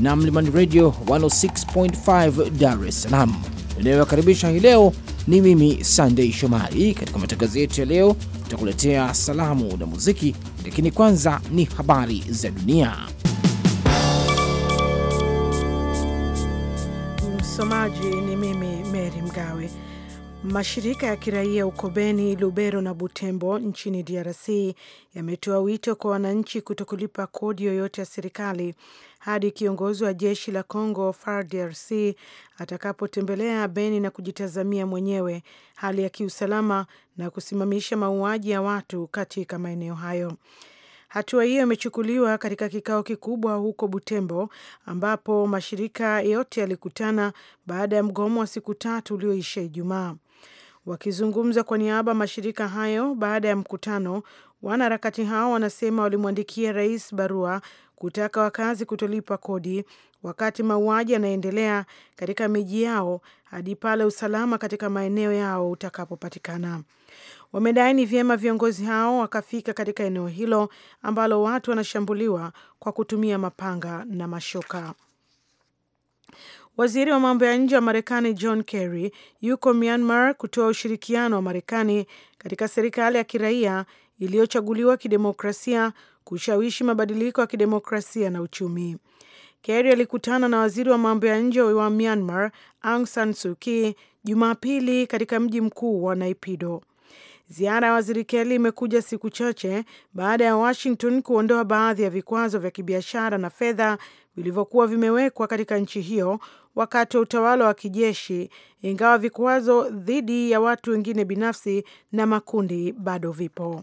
na Mlimani Radio 106.5 Dar es Salaam inayowakaribisha hii leo. Ni mimi Sandei Shomari. Katika matangazo yetu ya leo, tutakuletea salamu na muziki, lakini kwanza ni habari za dunia. Msomaji ni mimi Mary Mgawe. Mashirika ya kiraia huko Beni, Lubero na Butembo nchini DRC yametoa wito kwa wananchi kutokulipa kodi yoyote ya serikali hadi kiongozi wa jeshi la Congo frdrc atakapotembelea Beni na kujitazamia mwenyewe hali ya kiusalama na kusimamisha mauaji ya watu katika maeneo hayo. Hatua hiyo imechukuliwa katika kikao kikubwa huko Butembo ambapo mashirika yote yalikutana baada ya mgomo wa siku tatu ulioisha Ijumaa. Wakizungumza kwa niaba mashirika hayo baada ya mkutano, wanaharakati hao wanasema walimwandikia rais barua kutaka wakazi kutolipa kodi wakati mauaji yanaendelea katika miji yao hadi pale usalama katika maeneo yao utakapopatikana. Wamedai ni vyema viongozi hao wakafika katika eneo hilo ambalo watu wanashambuliwa kwa kutumia mapanga na mashoka. Waziri wa mambo ya nje wa Marekani John Kerry yuko Myanmar kutoa ushirikiano wa Marekani katika serikali ya kiraia iliyochaguliwa kidemokrasia kushawishi mabadiliko ya kidemokrasia na uchumi. Kerry alikutana na waziri wa mambo ya nje wa Myanmar Aung San Suu Kyi Jumapili katika mji mkuu wa Naipido. Ziara ya waziri Kerry imekuja siku chache baada ya Washington kuondoa baadhi ya vikwazo vya kibiashara na fedha vilivyokuwa vimewekwa katika nchi hiyo wakati wa utawala wa kijeshi, ingawa vikwazo dhidi ya watu wengine binafsi na makundi bado vipo.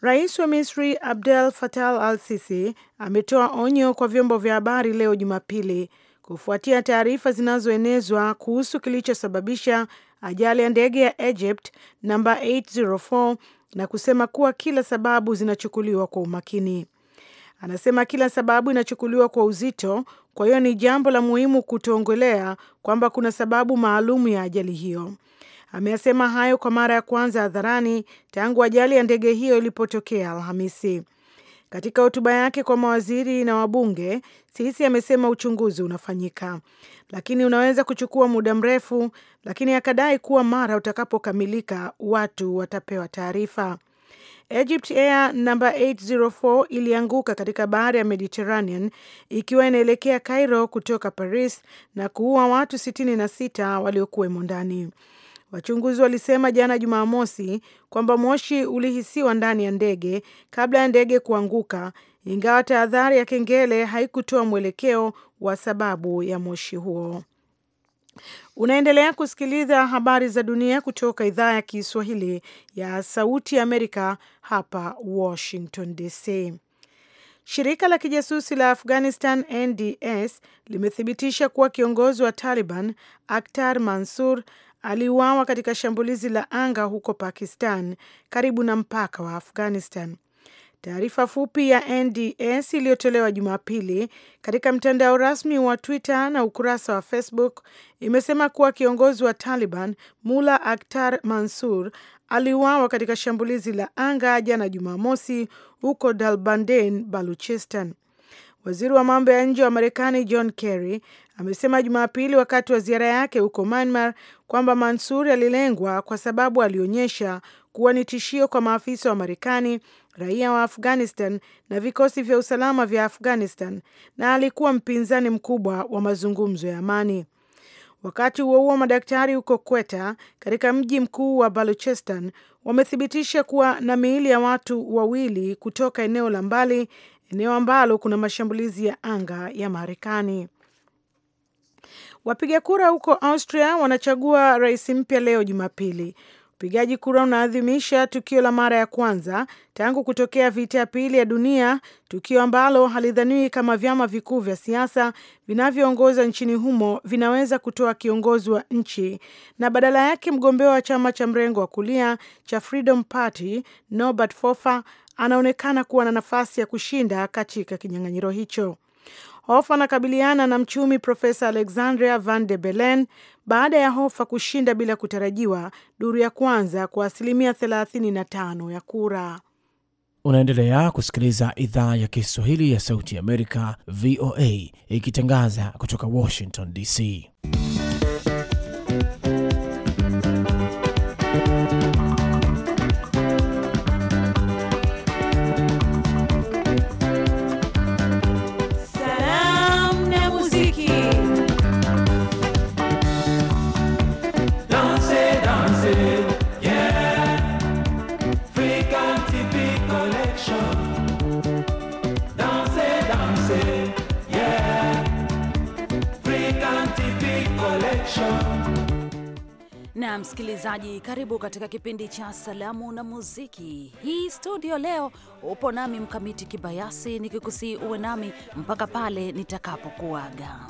Rais wa Misri Abdel Fattah al-Sisi ametoa onyo kwa vyombo vya habari leo Jumapili kufuatia taarifa zinazoenezwa kuhusu kilichosababisha ajali ya ndege ya Egypt namba 804 na kusema kuwa kila sababu zinachukuliwa kwa umakini. Anasema kila sababu inachukuliwa kwa uzito, kwa hiyo ni jambo la muhimu kutoongelea kwamba kuna sababu maalum ya ajali hiyo. Ameyasema hayo kwa mara ya kwanza hadharani tangu ajali ya ndege hiyo ilipotokea Alhamisi. Katika hotuba yake kwa mawaziri na wabunge, Sisi amesema uchunguzi unafanyika, lakini unaweza kuchukua muda mrefu, lakini akadai kuwa mara utakapokamilika watu watapewa taarifa. Egypt Air namba 804 ilianguka katika bahari ya Mediterranean ikiwa inaelekea Cairo kutoka Paris na kuua watu 66 waliokuwemo ndani. Wachunguzi walisema jana Jumamosi kwamba moshi ulihisiwa ndani ya ndege kabla ya ndege kuanguka, ingawa tahadhari ya kengele haikutoa mwelekeo wa sababu ya moshi huo. Unaendelea kusikiliza habari za dunia kutoka idhaa ya Kiswahili ya Sauti ya Amerika hapa Washington DC. Shirika la kijasusi la Afghanistan NDS limethibitisha kuwa kiongozi wa Taliban Akhtar Mansur aliuawa katika shambulizi la anga huko Pakistan karibu na mpaka wa Afghanistan. Taarifa fupi ya NDS iliyotolewa Jumapili katika mtandao rasmi wa Twitter na ukurasa wa Facebook imesema kuwa kiongozi wa Taliban mula Akhtar Mansur aliuawa katika shambulizi la anga jana Jumamosi huko Dalbanden, Baluchistan. Waziri wa mambo ya nje wa Marekani John Kerry amesema Jumapili wakati wa ziara yake huko Myanmar kwamba Mansur alilengwa kwa sababu alionyesha kuwa ni tishio kwa maafisa wa Marekani raia wa Afghanistan na vikosi vya usalama vya Afghanistan na alikuwa mpinzani mkubwa wa mazungumzo ya amani. Wakati huo huo, madaktari huko Kweta katika mji mkuu wa Baluchestan wamethibitisha kuwa na miili ya watu wawili kutoka eneo la mbali, eneo ambalo kuna mashambulizi ya anga ya Marekani. Wapiga kura huko Austria wanachagua rais mpya leo Jumapili, Upigaji kura unaadhimisha tukio la mara ya kwanza tangu kutokea vita ya pili ya dunia, tukio ambalo halidhaniwi kama vyama vikuu vya siasa vinavyoongoza nchini humo vinaweza kutoa kiongozi wa nchi, na badala yake mgombea wa chama cha mrengo wa kulia cha Freedom Party Norbert Fofa anaonekana kuwa na nafasi ya kushinda katika kinyang'anyiro hicho. Hof anakabiliana na mchumi Profesa Alexandria Van de Belen baada ya Hofa kushinda bila kutarajiwa duru ya kwanza kwa asilimia 35 ya kura. Unaendelea kusikiliza idhaa ya Kiswahili ya Sauti ya Amerika, VOA, ikitangaza kutoka Washington DC. msikilizaji, karibu katika kipindi cha salamu na muziki. Hii studio leo upo nami Mkamiti Kibayasi, nikikusii uwe nami mpaka pale nitakapokuaga.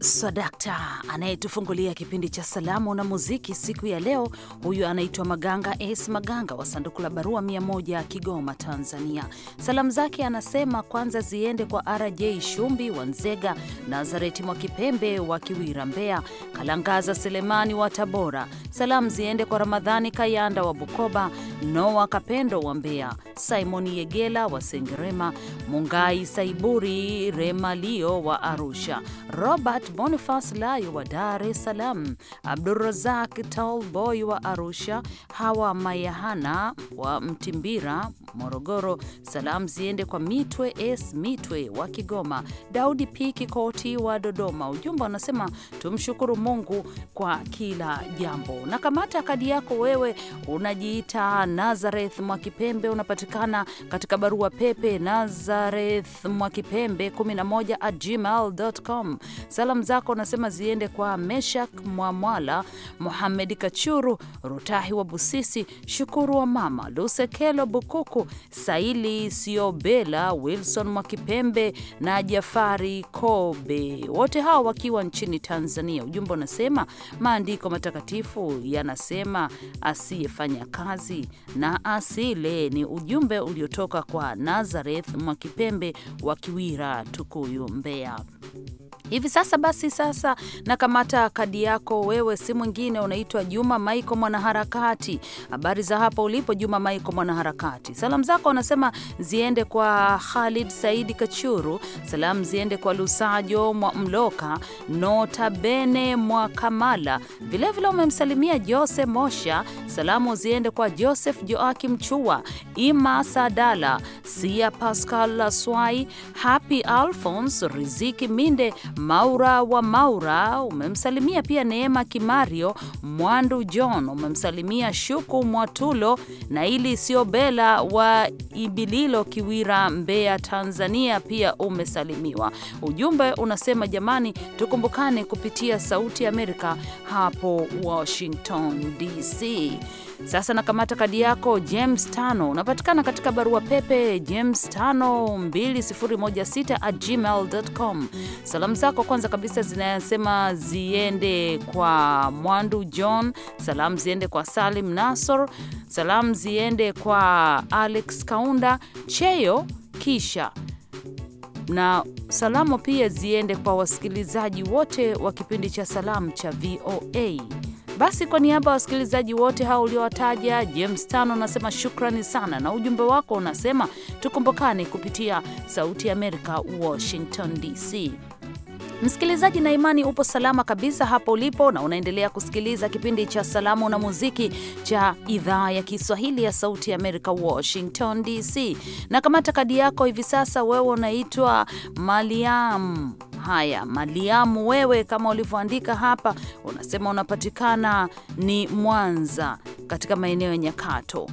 Swadakta anayetufungulia kipindi cha salamu na muziki siku ya leo. Huyu anaitwa Maganga S Maganga wa sanduku la barua 1 Kigoma, Tanzania. Salamu zake anasema kwanza ziende kwa RJ Shumbi wa Nzega, Nazareti mwa Kipembe wa Kiwira, Mbeya, Kalangaza Selemani wa Tabora. Salamu ziende kwa Ramadhani Kayanda wa Bukoba, Noa Kapendo wa Mbeya, Simoni Yegela wa Sengerema, Mungai Saiburi Remalio wa Arusha, Robert Boniface Layo wa Dar es Salaam, Abdurazak Talboy wa Arusha, Hawa Mayahana wa Mtimbira, Morogoro. Salamu ziende kwa Mitwe S Mitwe wa Kigoma, Daudi piki koti wa Dodoma. Ujumbe wanasema tumshukuru Mungu kwa kila jambo. Na kamata kadi yako wewe, unajiita Nazareth Mwakipembe, unapatikana katika barua pepe Nazareth Mwakipembe 11 at gmail.com. Salamu salamu zako unasema ziende kwa Meshak Mwamwala, Muhamedi Kachuru, Rutahi wa Busisi, Shukuru wa mama Lusekelo Bukuku, Saili Siobela, Wilson Mwakipembe na Jafari Kobe, wote hawa wakiwa nchini Tanzania. Ujumbe unasema maandiko matakatifu yanasema asiyefanya kazi na asile. Ni ujumbe uliotoka kwa Nazareth Mwakipembe wa Kiwira, Tukuyu, Mbeya hivi sasa. Basi sasa nakamata kadi yako wewe, si mwingine, unaitwa Juma Maiko mwanaharakati. Habari za hapa ulipo Juma Maiko mwanaharakati. Salamu zako unasema ziende kwa Khalid Saidi Kachuru, salamu ziende kwa Lusajo mwa Mloka, Notabene mwa Kamala, vilevile umemsalimia Jose Mosha. Salamu ziende kwa Joseph Joakim Chua, Ima Sadala, Sia Pascal Laswai, Happy Alphonse, Riziki Minde Maura wa Maura, umemsalimia pia Neema Kimario, Mwandu John, umemsalimia Shuku Mwatulo na ili sio Bela wa Ibililo Kiwira, Mbeya, Tanzania, pia umesalimiwa. Ujumbe unasema jamani, tukumbukane kupitia Sauti ya Amerika hapo Washington DC. Sasa nakamata kadi yako James tano, unapatikana katika barua pepe James tano 2016 at gmail.com. Salamu zako kwanza kabisa zinasema ziende kwa Mwandu John, salamu ziende kwa Salim Nasor, salamu ziende kwa Alex Kaunda Cheyo kisha na salamu pia ziende kwa wasikilizaji wote wa kipindi cha salamu cha VOA. Basi kwa niaba ya wasikilizaji wote hao uliowataja, James Tano anasema shukrani sana, na ujumbe wako unasema tukumbukane kupitia Sauti ya Amerika, Washington DC. Msikilizaji na imani, upo salama kabisa hapo ulipo na unaendelea kusikiliza kipindi cha Salamu na Muziki cha idhaa ya Kiswahili ya Sauti ya Amerika, Washington DC. Na kamata kadi yako hivi sasa, wewe unaitwa Maliam. Haya, Maliamu, wewe kama ulivyoandika hapa, unasema unapatikana ni Mwanza katika maeneo ya Nyakato.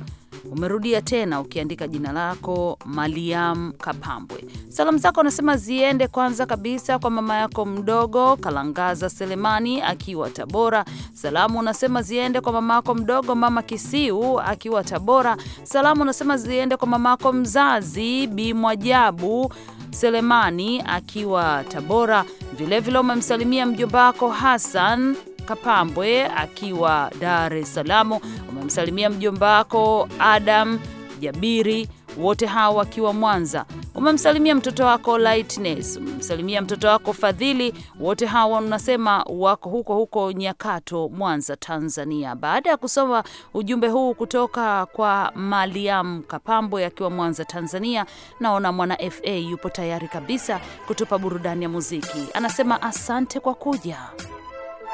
Umerudia tena ukiandika jina lako Maliam Kapambwe. Salamu zako anasema ziende kwanza kabisa kwa mama yako mdogo Kalangaza Selemani akiwa Tabora. Salamu unasema ziende kwa mama yako mdogo mama Kisiu akiwa Tabora. Salamu unasema ziende kwa mama yako mzazi Bi Mwajabu Selemani akiwa Tabora. Vilevile umemsalimia mjomba wako Hassan Kapambwe akiwa Dar es Salaam, umemsalimia mjomba wako Adam Jabiri, wote hao wakiwa Mwanza. Umemsalimia mtoto wako Lightness, umemsalimia mtoto wako Fadhili, wote hawa unasema wako huko huko Nyakato, Mwanza, Tanzania. Baada ya kusoma ujumbe huu kutoka kwa Maliam Kapambwe akiwa Mwanza, Tanzania, naona mwana fa yupo tayari kabisa kutupa burudani ya muziki. Anasema asante kwa kuja.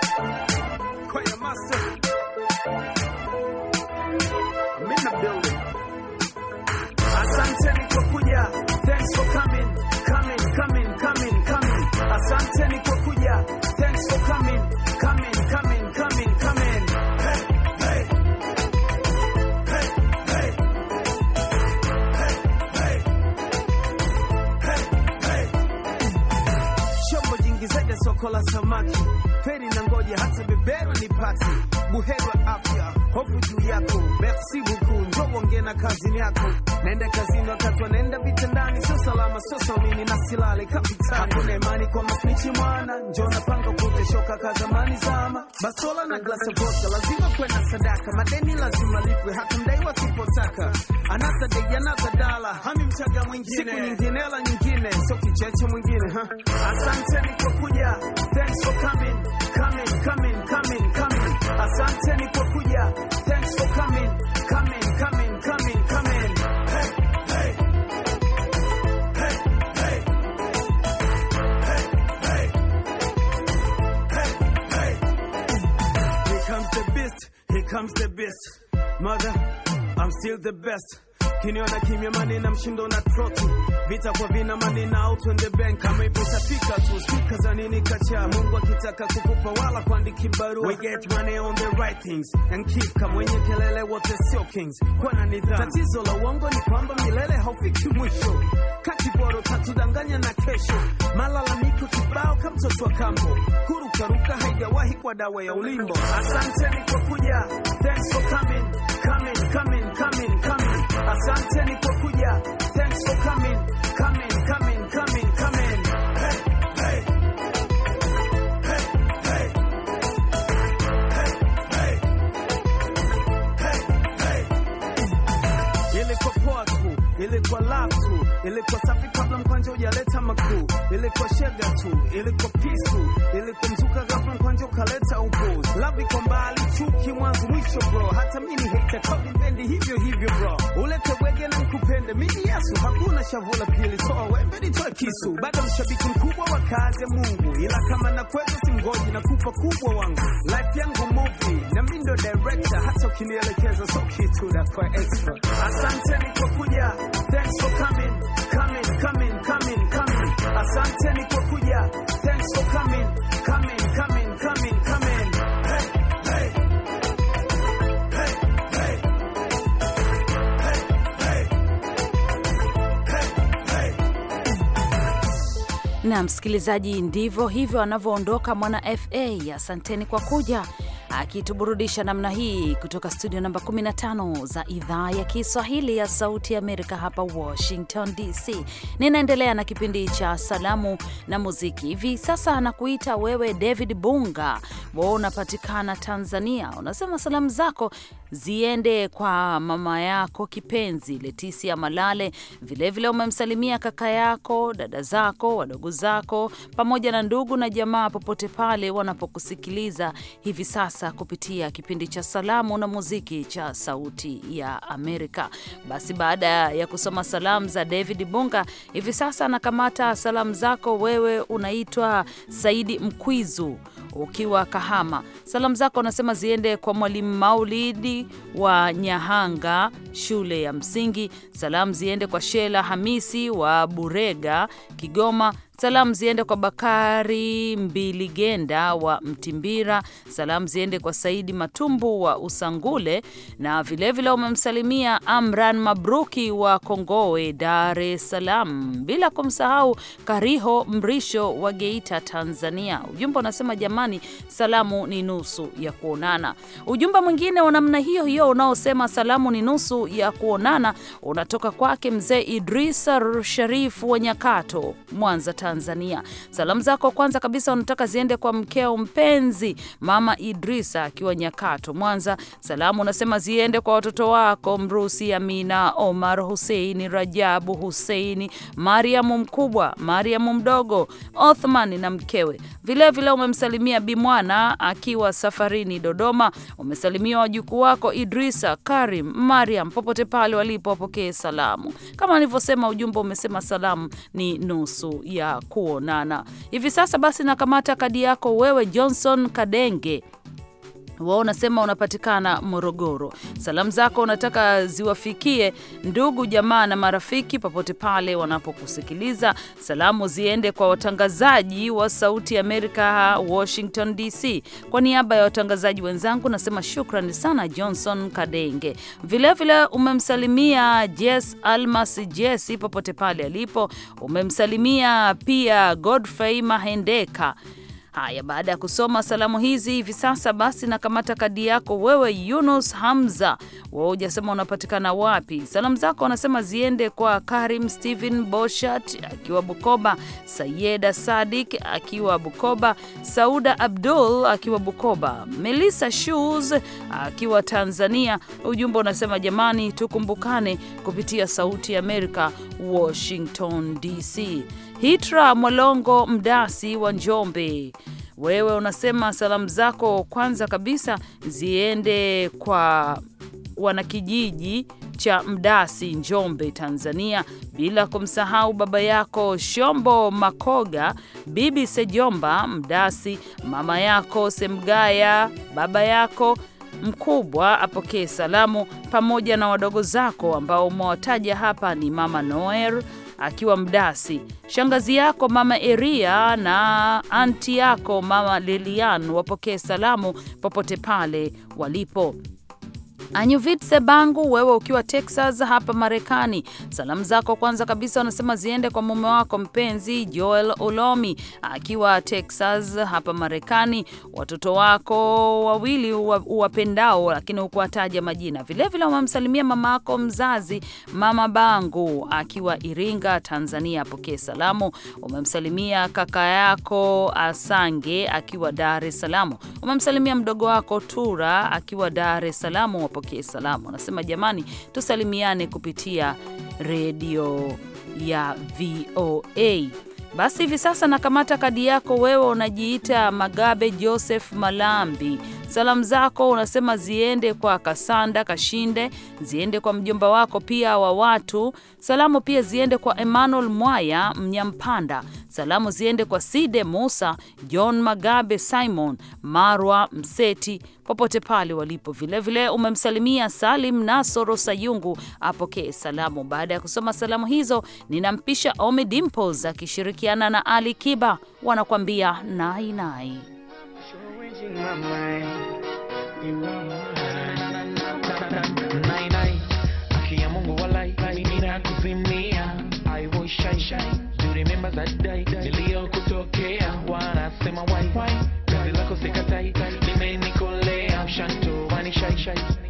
Quite a I'm in the building. Ingizaje soko la samaki, feri na ngoja hata ni pati buheri afya, hofu juu yako, merci beaucoup, ndo uongee na kazini yako, naenda kazini wakati wanaenda vitandani, sio salama, sio samini na silale kapitani, hakuna imani kwa masnichi mwana, njo napanga kuteshoka zamani zama, basola na glasi vodka, lazima kwenda sadaka, madeni lazima lipwe, hata mdai wasipotaka Another day, another dollar. Hami mchaga mwingine. Siku nyingine hela nyingine. So kicheche mwingine, ha. Asanteni kwa kuja. Thanks for coming. Coming, coming, coming, coming. Asanteni kwa kuja. Thanks for coming. Coming, coming, coming, coming. Hey, hey. Hey, hey. Hey, hey. Here comes the best. Here comes the best, Mother I'm still the best kiniona kimya mani na mshindo na trotu vita kwa vina mani na outwende bank kama ipo tafika tu spika za nini kacha mungu akitaka kukupa wala kuandiki barua we get money on the right things and keep kama wenye kelele wote sio kings kwana nidhamu tatizo la uongo ni kwamba milele haufiki mwisho katiboro tatudanganya na kesho malalamiko kibao kamtoto wa kambo kurukaruka haijawahi kwa dawa ya ulimbo asanteni kwa kuja thanks for coming Come in, come in, come in, come in. kwa kuja. Thanks for coming. ilikuwa lafu, ilikuwa safi kabla mkwanja hujaleta makuu, ilikuwa shega tu, ilikuwa pisu, ilikuwa mzuka ghafla mkwanja ukaleta upuzi, Love kwa mbali, chuki mwanzo mwisho bro, hata mimi hate kwa vipendi hivyo hivyo bro, ulete bwege na nikupende mimi Yesu, hakuna shavu la pili, toa wembe nitoe kisu, bado mshabiki mkubwa wa kazi ya Mungu, ila kama na kwetu simgoji na kupa kubwa wangu, life yangu movie na mimi ndo director, hata ukinielekeza so kitu na kwa extra. ni kwa kuja Thanks for coming, coming, coming, coming, coming. Asanteni kwa kuja. Thanks for coming, coming, coming, coming, coming. Na msikilizaji, ndivyo hivyo anavyoondoka mwana FA. Asanteni kwa kuja akituburudisha namna hii kutoka studio namba 15 za idhaa ya Kiswahili ya Sauti ya Amerika hapa Washington DC. Ninaendelea na kipindi cha salamu na muziki. Hivi sasa nakuita wewe David Bunga, wa unapatikana Tanzania. Unasema salamu zako ziende kwa mama yako kipenzi Letisia Malale, vilevile umemsalimia kaka yako, dada zako, wadogo zako, pamoja na ndugu na jamaa popote pale wanapokusikiliza hivi sasa sasa kupitia kipindi cha salamu na muziki cha Sauti ya Amerika. Basi baada ya kusoma salamu za David Bunga, hivi sasa anakamata salamu zako. Wewe unaitwa Saidi Mkwizu ukiwa Kahama. Salamu zako unasema ziende kwa Mwalimu Maulidi wa Nyahanga shule ya msingi. Salamu ziende kwa Shela Hamisi wa Burega Kigoma. Salamu ziende kwa Bakari Mbiligenda wa Mtimbira. Salamu ziende kwa Saidi Matumbu wa Usangule, na vilevile umemsalimia Amran Mabruki wa Kongowe, Dar es Salaam, bila kumsahau Kariho Mrisho wa Geita, Tanzania. Ujumbe unasema jamani, salamu ni nusu ya kuonana. Ujumbe mwingine wa namna hiyo hiyo unaosema salamu ni nusu ya kuonana unatoka kwake mzee Idrisa Sharifu wa Nyakato, Mwanza, Tanzania. Tanzania. Salamu zako kwanza kabisa unataka ziende kwa mkeo mpenzi Mama Idrisa akiwa Nyakato, Mwanza. Salamu unasema ziende kwa watoto wako Mrusi, Amina, Omar Huseini, Rajabu Huseini, Mariamu mkubwa, Mariamu mdogo, Othman na mkewe. Vilevile umemsalimia Bimwana akiwa safarini Dodoma. Umesalimia wajukuu wako Idrisa, Karim, Mariam, popote pale walipo wapokee salamu. Kama nilivyosema, ujumbe umesema salamu ni nusu ya kuonana hivi sasa. Basi nakamata kadi yako wewe, Johnson Kadenge wao unasema unapatikana Morogoro. Salamu zako unataka ziwafikie ndugu jamaa na marafiki popote pale wanapokusikiliza. Salamu ziende kwa watangazaji wa Sauti Amerika Washington DC. Kwa niaba ya watangazaji wenzangu nasema shukrani sana Johnson Kadenge. Vilevile umemsalimia Jes Almas Jesi popote pale alipo. Umemsalimia pia Godfrey Mahendeka Haya, baada ya kusoma salamu hizi hivi sasa basi nakamata kadi yako wewe, Yunus Hamza, wewe ujasema unapatikana wapi. Salamu zako wanasema ziende kwa Karim stehen Boshat akiwa Bukoba, Sayeda Sadik akiwa Bukoba, Sauda Abdul akiwa Bukoba, Melissa Shoes akiwa Tanzania. Ujumbe unasema jamani, tukumbukane kupitia Sauti ya Amerika, Washington DC. Hitra Mwalongo Mdasi wa Njombe, wewe unasema salamu zako kwanza kabisa ziende kwa wanakijiji cha Mdasi, Njombe, Tanzania, bila kumsahau baba yako Shombo Makoga, bibi Sejomba Mdasi, mama yako Semgaya, baba yako mkubwa apokee salamu pamoja na wadogo zako ambao umewataja hapa ni mama Noel akiwa mdasi, shangazi yako mama Eria na anti yako mama Lilian wapokee salamu popote pale walipo. Anyuvit Bangu, wewe ukiwa Texas hapa Marekani, salamu zako kwanza kabisa unasema ziende kwa mume wako mpenzi Joel Olomi akiwa Texas hapa Marekani, watoto wako wawili uwapendao, lakini hukuwataja majina. Vilevile wamemsalimia mama yako mzazi Mama Bangu akiwa Iringa, Tanzania, apokee salamu. Umemsalimia kaka yako Asange akiwa Dar es Salaam. Umemsalimia mdogo wako Tura akiwa Dar es Salaam, wapokee wapokee salamu. Anasema jamani, tusalimiane kupitia redio ya VOA. Basi hivi sasa nakamata kadi yako, wewe unajiita Magabe Joseph Malambi Salamu zako unasema ziende kwa Kasanda Kashinde, ziende kwa mjomba wako pia wa watu. Salamu pia ziende kwa Emmanuel Mwaya Mnyampanda. Salamu ziende kwa Side Musa, John Magabe, Simon Marwa Mseti popote pale walipo. Vilevile umemsalimia Salim Nasoro Sayungu, apokee salamu. Baada ya kusoma salamu hizo, ninampisha Omi Dimples akishirikiana na Ali Kiba wanakuambia nainai nai. Haki ya Mungu walai, mimi nakuzimia I will shine shine, wanasema wai, kazi lako sikatai, mshanto wani shai shai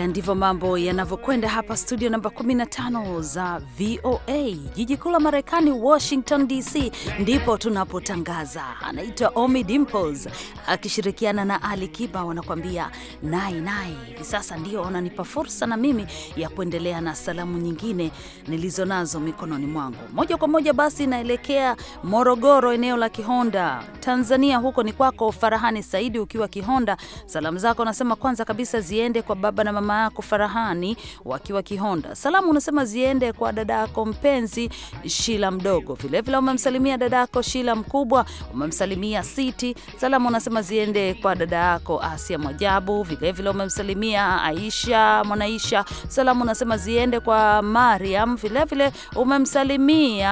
Haya ndivyo mambo yanavyokwenda hapa studio namba 15 za VOA, jiji kuu la Marekani, Washington DC, ndipo tunapotangaza. Anaitwa Omi Dimples akishirikiana na Ali Kiba wanakuambia nai nai. Hivi sasa ndio wananipa fursa na mimi ya kuendelea na salamu nyingine nilizonazo mikononi mwangu. Moja kwa moja basi naelekea Morogoro, eneo la Kihonda, Tanzania. Huko ni kwako Farahani Saidi, ukiwa Kihonda. Salamu zako nasema kwanza kabisa ziende kwa baba na mama mama yako Farahani wakiwa Kihonda. Salamu unasema ziende kwa dada yako mpenzi Shila mdogo, vilevile umemsalimia dada yako Shila mkubwa, umemsalimia Siti. Salamu unasema ziende kwa dada yako Asia Mwajabu, vilevile umemsalimia Aisha Mwanaisha. Salamu unasema ziende kwa Mariam, vilevile umemsalimia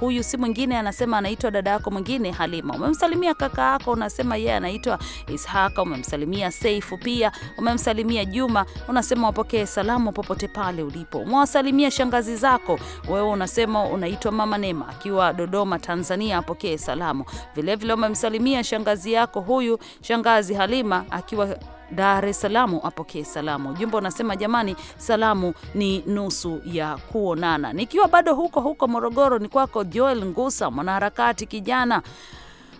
huyu si mwingine, anasema anaitwa dada yako mwingine Halima. Umemsalimia kaka yako, unasema yeye anaitwa Ishaka. Umemsalimia Seifu, pia umemsalimia Juma, unasema wapokee salamu popote pale ulipo, umewasalimia shangazi zako. Wewe unasema unaitwa Mama Nema akiwa Dodoma, Tanzania, apokee salamu vilevile. Umemsalimia shangazi yako huyu, shangazi Halima akiwa Dar es Salaam apokee salamu. Ujumbe unasema jamani, salamu ni nusu ya kuonana. Nikiwa bado huko huko Morogoro, ni kwako Joel Ngusa, mwanaharakati kijana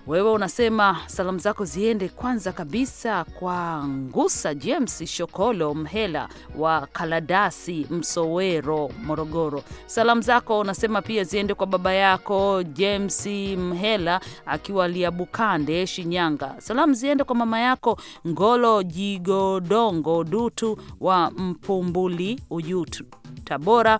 wewe unasema salamu zako ziende kwanza kabisa kwa Ngusa James Shokolo Mhela wa Kaladasi, Msowero, Morogoro. Salamu zako unasema pia ziende kwa baba yako James Mhela akiwa Liabukande, Shinyanga. Salamu ziende kwa mama yako Ngolo Jigodongo Dutu wa Mpumbuli, Ujutu, Tabora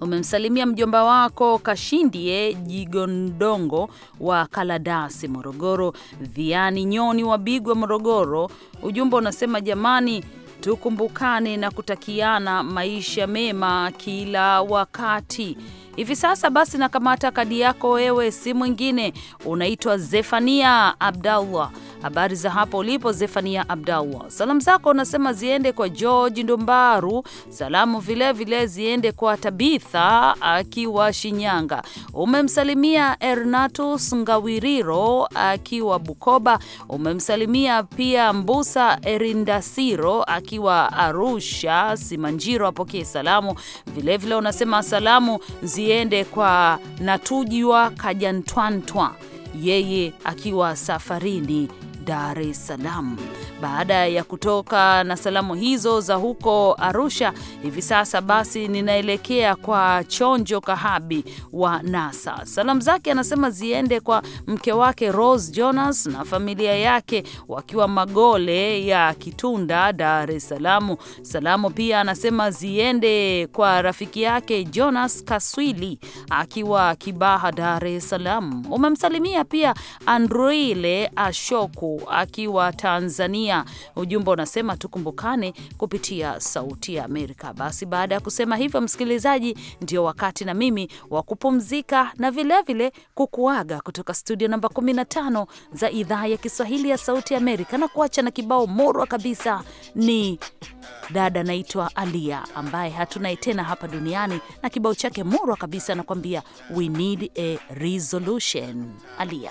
Umemsalimia mjomba wako Kashindie Jigondongo wa Kaladasi, Morogoro, Viani Nyoni wa Bigwa, Morogoro. Ujumbe unasema jamani, tukumbukane na kutakiana maisha mema kila wakati hivi sasa. Basi nakamata kadi yako wewe, si mwingine unaitwa Zefania Abdallah. Habari za hapo ulipo Zefania Abdallah. Salamu zako unasema ziende kwa George Ndumbaru, salamu vilevile vile ziende kwa Tabitha akiwa Shinyanga. Umemsalimia Ernatus Ngawiriro akiwa Bukoba, umemsalimia pia Mbusa Erindasiro akiwa Arusha Simanjiro, apokee salamu vilevile. vile, Unasema salamu zi iende kwa Natujwa Kajantwantwa, yeye akiwa safarini Dar es Salaam. Baada ya kutoka na salamu hizo za huko Arusha, hivi sasa basi ninaelekea kwa Chonjo Kahabi wa NASA. Salamu zake anasema ziende kwa mke wake Rose Jonas na familia yake wakiwa Magole ya Kitunda, Dar es Salaam. Salamu pia anasema ziende kwa rafiki yake Jonas Kaswili akiwa Kibaha, Dar es Salaam. Umemsalimia pia Andrile Ashoku akiwa Tanzania. Ujumbe unasema tukumbukane kupitia Sauti ya Amerika. Basi baada ya kusema hivyo, msikilizaji, ndio wakati na mimi wa kupumzika na vilevile kukuaga kutoka studio namba 15 za idhaa ya Kiswahili ya Sauti ya Amerika na kuacha na kibao morwa kabisa. Ni dada naitwa Alia ambaye hatunaye tena hapa duniani, na kibao chake morwa kabisa anakuambia we need a resolution Alia.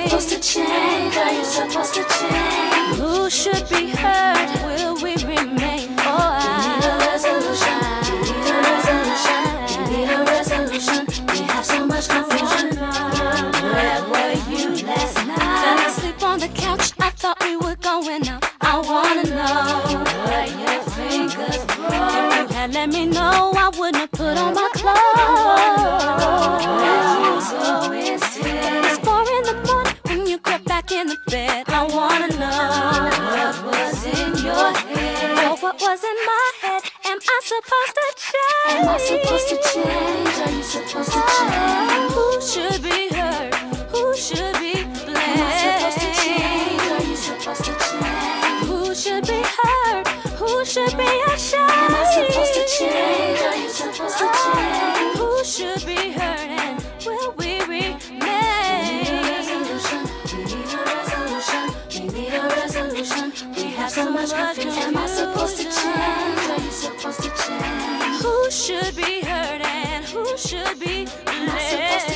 supposed to change? Are you supposed to change? Who should be heard? Will we remain? Oh, I need a resolution. We need a resolution. We need a resolution. We have so much confusion. should be hurt and who should be led?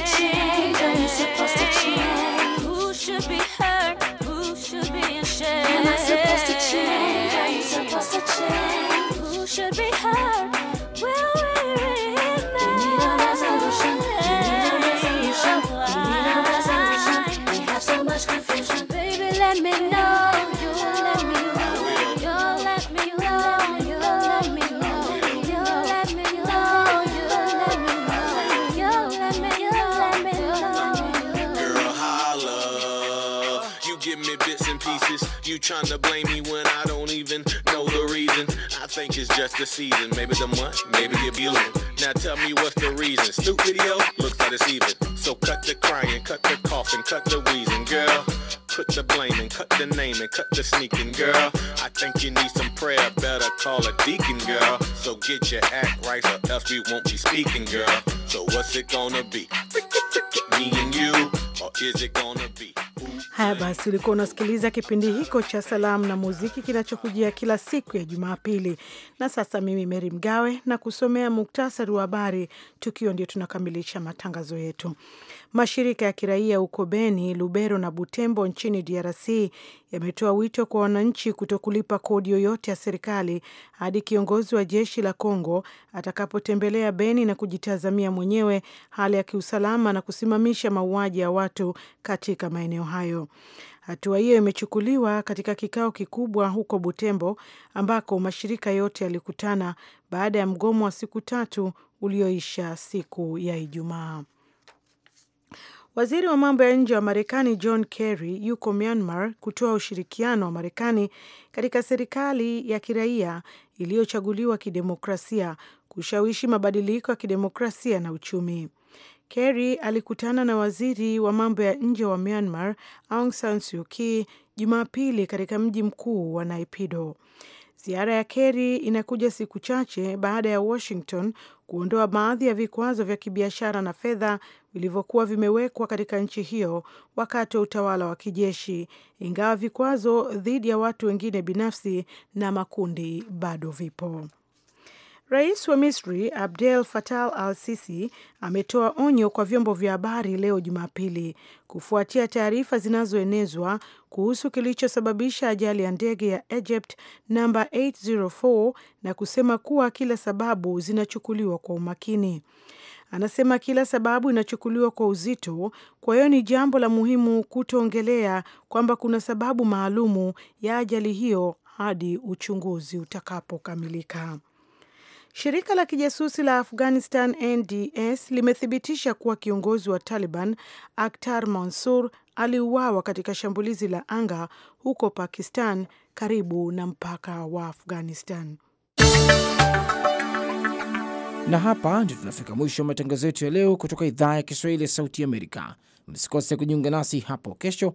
trying to blame me when I don't even know the reason. I think it's just the season, maybe the month, maybe the abusing. Now tell me what's the reason. Snoop video looks like it's even. So cut the crying, cut the coughing, cut the wheezing, girl. Put the blaming, cut the naming, cut the sneaking, girl. I think you need some prayer, better call a deacon, girl. So get your act right, or else we won't be speaking, girl. So what's it gonna be? Me and you, or is it gonna be? Haya basi, ulikuwa unasikiliza kipindi hiko cha salamu na muziki kinachokujia kila siku ya Jumapili, na sasa mimi Meri Mgawe na kusomea muktasari wa habari. Tukio ndio tunakamilisha matangazo yetu. Mashirika ya kiraia huko Beni, Lubero na Butembo nchini DRC yametoa wito kwa wananchi kutokulipa kodi yoyote ya serikali hadi kiongozi wa jeshi la congo atakapotembelea Beni na kujitazamia mwenyewe hali ya kiusalama na kusimamisha mauaji ya watu katika maeneo hayo. Hatua hiyo imechukuliwa katika kikao kikubwa huko Butembo ambako mashirika yote yalikutana baada ya mgomo wa siku tatu ulioisha siku ya Ijumaa. Waziri wa mambo ya nje wa Marekani John Kerry yuko Myanmar kutoa ushirikiano wa Marekani katika serikali ya kiraia iliyochaguliwa kidemokrasia kushawishi mabadiliko ya kidemokrasia na uchumi. Kerry alikutana na waziri wa mambo ya nje wa Myanmar Aung San Suu Kyi Jumapili katika mji mkuu wa Naipido. Ziara ya Kerry inakuja siku chache baada ya Washington kuondoa baadhi ya vikwazo vya kibiashara na fedha vilivyokuwa vimewekwa katika nchi hiyo wakati wa utawala wa kijeshi, ingawa vikwazo dhidi ya watu wengine binafsi na makundi bado vipo. Rais wa Misri Abdel Fattah al-Sisi ametoa onyo kwa vyombo vya habari leo Jumapili kufuatia taarifa zinazoenezwa kuhusu kilichosababisha ajali ya ndege ya Egypt namba 804 na kusema kuwa kila sababu zinachukuliwa kwa umakini. Anasema kila sababu inachukuliwa kwa uzito, kwa hiyo ni jambo la muhimu kutoongelea kwamba kuna sababu maalumu ya ajali hiyo hadi uchunguzi utakapokamilika. Shirika la kijasusi la Afghanistan NDS limethibitisha kuwa kiongozi wa Taliban Akhtar Mansur aliuawa katika shambulizi la anga huko Pakistan karibu na mpaka wa Afghanistan. Na hapa ndio tunafika mwisho wa matangazo yetu ya leo kutoka idhaa ya Kiswahili ya Sauti Amerika. Msikose kujiunga nasi hapo kesho